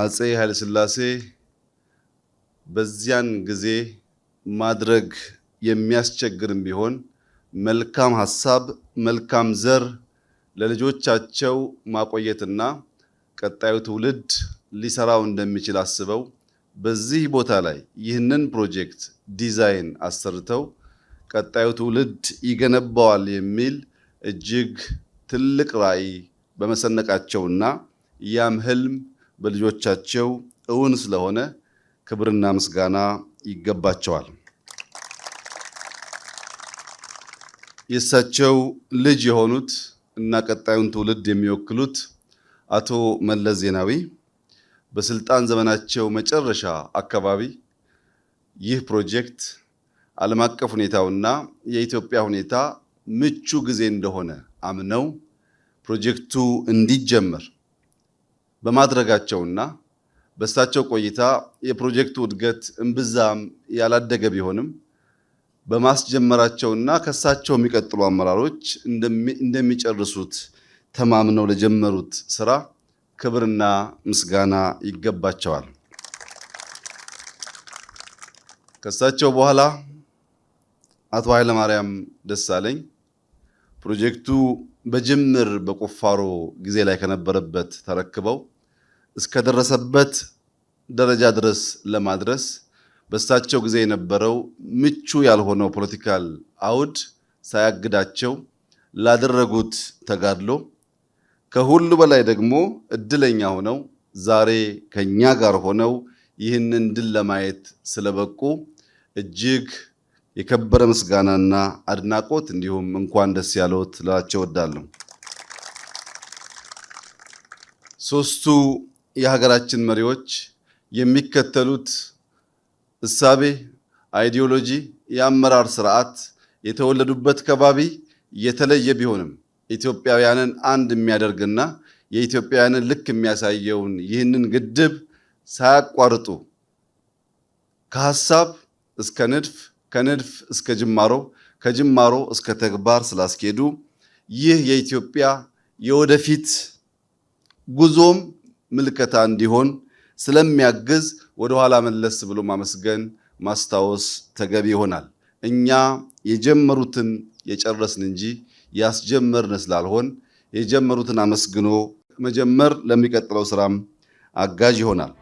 አጼ ኃይለሥላሴ በዚያን ጊዜ ማድረግ የሚያስቸግርም ቢሆን መልካም ሀሳብ፣ መልካም ዘር ለልጆቻቸው ማቆየትና ቀጣዩ ትውልድ ሊሰራው እንደሚችል አስበው በዚህ ቦታ ላይ ይህንን ፕሮጀክት ዲዛይን አሰርተው ቀጣዩ ትውልድ ይገነባዋል የሚል እጅግ ትልቅ ራዕይ በመሰነቃቸውና ያም ህልም በልጆቻቸው እውን ስለሆነ ክብርና ምስጋና ይገባቸዋል። የእሳቸው ልጅ የሆኑት እና ቀጣዩን ትውልድ የሚወክሉት አቶ መለስ ዜናዊ በስልጣን ዘመናቸው መጨረሻ አካባቢ ይህ ፕሮጀክት ዓለም አቀፍ ሁኔታውና የኢትዮጵያ ሁኔታ ምቹ ጊዜ እንደሆነ አምነው ፕሮጀክቱ እንዲጀመር በማድረጋቸውና በእሳቸው ቆይታ የፕሮጀክቱ እድገት እምብዛም ያላደገ ቢሆንም በማስጀመራቸውና ከእሳቸው የሚቀጥሉ አመራሮች እንደሚጨርሱት ተማምነው ለጀመሩት ስራ ክብርና ምስጋና ይገባቸዋል። ከእሳቸው በኋላ አቶ ኃይለማርያም ደሳለኝ ፕሮጀክቱ በጅምር በቁፋሮ ጊዜ ላይ ከነበረበት ተረክበው እስከደረሰበት ደረጃ ድረስ ለማድረስ በእሳቸው ጊዜ የነበረው ምቹ ያልሆነው ፖለቲካል አውድ ሳያግዳቸው ላደረጉት ተጋድሎ ከሁሉ በላይ ደግሞ እድለኛ ሆነው ዛሬ ከኛ ጋር ሆነው ይህንን ድል ለማየት ስለበቁ እጅግ የከበረ ምስጋናና አድናቆት እንዲሁም እንኳን ደስ ያለዎት ልላቸው እወዳለሁ። ሶስቱ የሀገራችን መሪዎች የሚከተሉት እሳቤ፣ አይዲዮሎጂ፣ የአመራር ስርዓት የተወለዱበት ከባቢ የተለየ ቢሆንም ኢትዮጵያውያንን አንድ የሚያደርግና የኢትዮጵያውያንን ልክ የሚያሳየውን ይህንን ግድብ ሳያቋርጡ ከሀሳብ እስከ ንድፍ ከንድፍ እስከ ጅማሮ ከጅማሮ እስከ ተግባር ስላስኬዱ ይህ የኢትዮጵያ የወደፊት ጉዞም ምልከታ እንዲሆን ስለሚያግዝ ወደኋላ መለስ ብሎ ማመስገን ማስታወስ ተገቢ ይሆናል። እኛ የጀመሩትን የጨረስን እንጂ ያስጀመርን ስላልሆን የጀመሩትን አመስግኖ መጀመር ለሚቀጥለው ስራም አጋዥ ይሆናል።